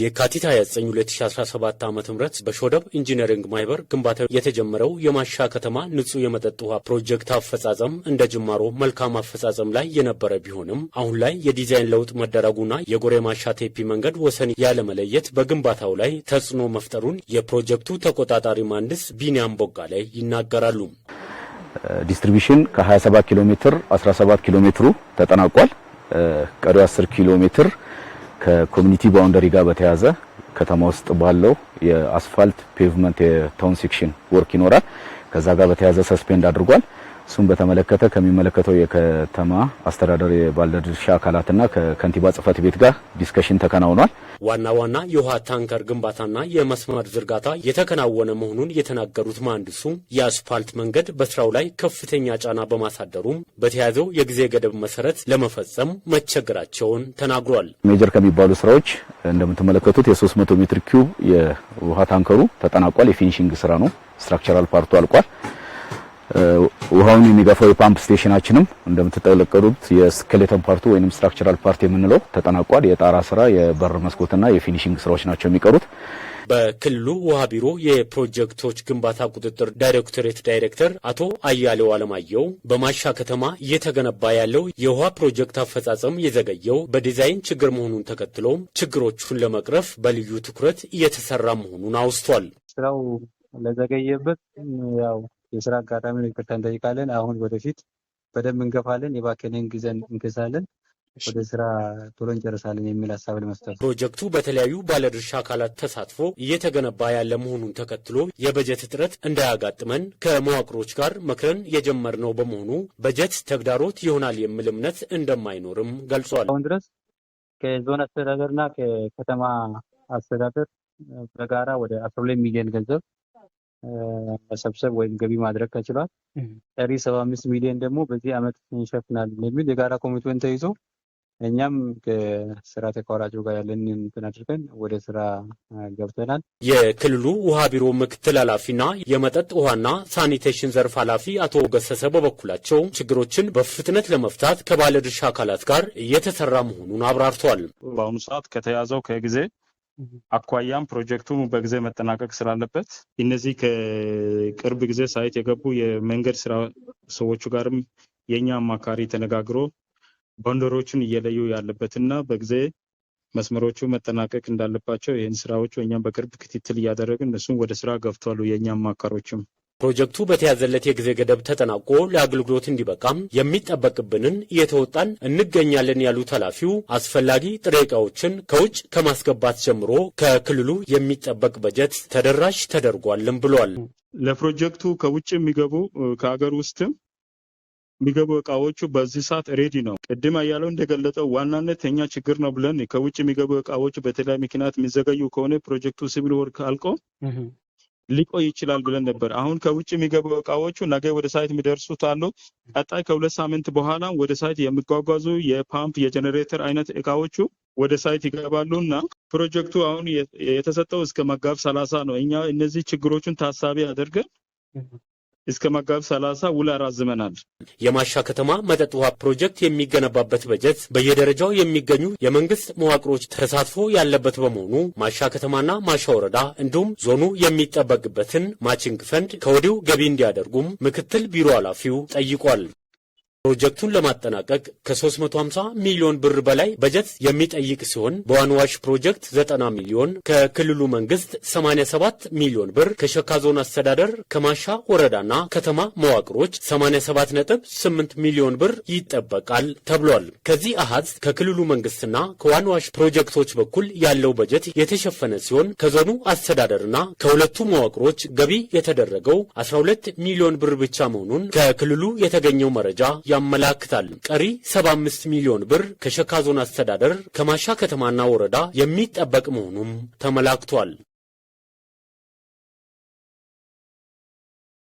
የካቲት 29 2017 ዓ ም በሾደብ ኢንጂነሪንግ ማህበር ግንባታ የተጀመረው የማሻ ከተማ ንጹህ የመጠጥ ውሃ ፕሮጀክት አፈጻጸም እንደ ጅማሮ መልካም አፈጻጸም ላይ የነበረ ቢሆንም አሁን ላይ የዲዛይን ለውጥ መደረጉና የጎሬ ማሻ ቴፒ መንገድ ወሰን ያለመለየት በግንባታው ላይ ተጽዕኖ መፍጠሩን የፕሮጀክቱ ተቆጣጣሪ ማንድስ ቢኒያም ቦጋ ላይ ይናገራሉ። ዲስትሪቢሽን ከ27 ኪሎ ሜትር 17 ኪሎ ሜትሩ ተጠናቋል። ቀሪው 10 ኪሎ ሜትር ከኮሚኒቲ ባውንደሪ ጋር በተያዘ ከተማ ውስጥ ባለው የአስፋልት ፔቭመንት የታውን ሴክሽን ወርክ ይኖራል። ከዛ ጋር በተያዘ ሰስፔንድ አድርጓል። እሱም በተመለከተ ከሚመለከተው የከተማ አስተዳደር የባለድርሻ አካላትና ከከንቲባ ጽህፈት ቤት ጋር ዲስከሽን ተከናውኗል። ዋና ዋና የውሃ ታንከር ግንባታና የመስመር ዝርጋታ የተከናወነ መሆኑን የተናገሩት መሐንዲሱ የአስፋልት መንገድ በስራው ላይ ከፍተኛ ጫና በማሳደሩም በተያዘው የጊዜ ገደብ መሰረት ለመፈጸም መቸገራቸውን ተናግሯል። ሜጀር ከሚባሉ ስራዎች እንደምትመለከቱት የ300 ሜትር ኪዩብ የውሃ ታንከሩ ተጠናቋል። የፊኒሽንግ ስራ ነው። ስትራክቸራል ፓርቱ አልቋል። ውሃውን የሚገፋው የፓምፕ ስቴሽናችንም እንደምትጠለቀዱት የስኬሌተን ፓርቱ ወይንም ስትራክቸራል ፓርት የምንለው ተጠናቋል። የጣራ ስራ፣ የበር መስኮትና የፊኒሺንግ ስራዎች ናቸው የሚቀሩት። በክልሉ ውሃ ቢሮ የፕሮጀክቶች ግንባታ ቁጥጥር ዳይሬክቶሬት ዳይሬክተር አቶ አያሌው አለማየሁ በማሻ ከተማ እየተገነባ ያለው የውሃ ፕሮጀክት አፈጻጸም የዘገየው በዲዛይን ችግር መሆኑን ተከትሎም ችግሮቹን ለመቅረፍ በልዩ ትኩረት እየተሰራ መሆኑን አውስቷል። ስራው ለዘገየበት ያው የስራ አጋጣሚ ይቅርታ እንጠይቃለን። አሁን ወደፊት በደንብ እንገፋለን። የባከነን ጊዜን እንገዛለን ወደ ስራ ቶሎ እንጨርሳለን የሚል ሀሳብ ለመስጠት ፕሮጀክቱ በተለያዩ ባለድርሻ አካላት ተሳትፎ እየተገነባ ያለ መሆኑን ተከትሎ የበጀት እጥረት እንዳያጋጥመን ከመዋቅሮች ጋር መክረን የጀመርነው በመሆኑ በጀት ተግዳሮት ይሆናል የሚል እምነት እንደማይኖርም ገልጿል። አሁን ድረስ ከዞን አስተዳደርና ከከተማ አስተዳደር በጋራ ወደ አስራ ሁለት ሚሊዮን ገንዘብ መሰብሰብ ወይም ገቢ ማድረግ ተችሏል። ቀሪ ሰባ አምስት ሚሊዮን ደግሞ በዚህ ዓመት እንሸፍናለን የሚል የጋራ ኮሚትመንት ተይዞ እኛም ከስራ ተቋራጩ ጋር ያለን እንትን አድርገን ወደ ስራ ገብተናል። የክልሉ ውሃ ቢሮ ምክትል ኃላፊና የመጠጥ ውሃና ሳኒቴሽን ዘርፍ ኃላፊ አቶ ገሰሰ በበኩላቸው ችግሮችን በፍጥነት ለመፍታት ከባለድርሻ አካላት ጋር እየተሰራ መሆኑን አብራርተዋል። በአሁኑ ሰዓት ከተያዘው ከጊዜ አኳያም ፕሮጀክቱ በጊዜ መጠናቀቅ ስላለበት እነዚህ ከቅርብ ጊዜ ሳይት የገቡ የመንገድ ስራ ሰዎቹ ጋርም የእኛ አማካሪ ተነጋግሮ ቦንደሮቹን እየለዩ ያለበት እና በጊዜ መስመሮቹ መጠናቀቅ እንዳለባቸው ይህን ስራዎቹ እኛም በቅርብ ክትትል እያደረግን እነሱም ወደ ስራ ገብቷሉ። የእኛ አማካሪዎችም ፕሮጀክቱ በተያዘለት የጊዜ ገደብ ተጠናቆ ለአገልግሎት እንዲበቃም የሚጠበቅብንን እየተወጣን እንገኛለን ያሉት ኃላፊው አስፈላጊ ጥሬ እቃዎችን ከውጭ ከማስገባት ጀምሮ ከክልሉ የሚጠበቅ በጀት ተደራሽ ተደርጓልም ብሏል። ለፕሮጀክቱ ከውጭ የሚገቡ ከሀገር ውስጥም የሚገቡ እቃዎቹ በዚህ ሰዓት ሬዲ ነው። ቅድም ያለው እንደገለጠው ዋናነት የኛ ችግር ነው ብለን ከውጭ የሚገቡ እቃዎቹ በተለያዩ ምክንያት የሚዘገዩ ከሆነ ፕሮጀክቱ ሲቪል ወርክ አልቆ ሊቆይ ይችላል ብለን ነበር። አሁን ከውጭ የሚገቡ እቃዎቹ ነገ ወደ ሳይት የሚደርሱት አሉ። ቀጣይ ከሁለት ሳምንት በኋላ ወደ ሳይት የሚጓጓዙ የፓምፕ የጀኔሬተር አይነት እቃዎቹ ወደ ሳይት ይገባሉ እና ፕሮጀክቱ አሁን የተሰጠው እስከ መጋብ ሰላሳ ነው። እኛ እነዚህ ችግሮቹን ታሳቢ አድርገን እስከ መጋቢት 30 ውል አራዝመናል። የማሻ ከተማ መጠጥ ውሃ ፕሮጀክት የሚገነባበት በጀት በየደረጃው የሚገኙ የመንግስት መዋቅሮች ተሳትፎ ያለበት በመሆኑ ማሻ ከተማና ማሻ ወረዳ እንዲሁም ዞኑ የሚጠበቅበትን ማቺንግ ፈንድ ከወዲሁ ገቢ እንዲያደርጉም ምክትል ቢሮ ኃላፊው ጠይቋል። ፕሮጀክቱን ለማጠናቀቅ ከ350 ሚሊዮን ብር በላይ በጀት የሚጠይቅ ሲሆን በዋንዋሽ ፕሮጀክት 90 ሚሊዮን፣ ከክልሉ መንግስት 87 ሚሊዮን ብር፣ ከሸካ ዞን አስተዳደር ከማሻ ወረዳና ከተማ መዋቅሮች 87.8 ሚሊዮን ብር ይጠበቃል ተብሏል። ከዚህ አሃዝ ከክልሉ መንግስትና ከዋንዋሽ ፕሮጀክቶች በኩል ያለው በጀት የተሸፈነ ሲሆን ከዞኑ አስተዳደርና ከሁለቱ መዋቅሮች ገቢ የተደረገው 12 ሚሊዮን ብር ብቻ መሆኑን ከክልሉ የተገኘው መረጃ ያመላክታል። ቀሪ 75 ሚሊዮን ብር ከሸካ ዞን አስተዳደር ከማሻ ከተማና ወረዳ የሚጠበቅ መሆኑም ተመላክቷል።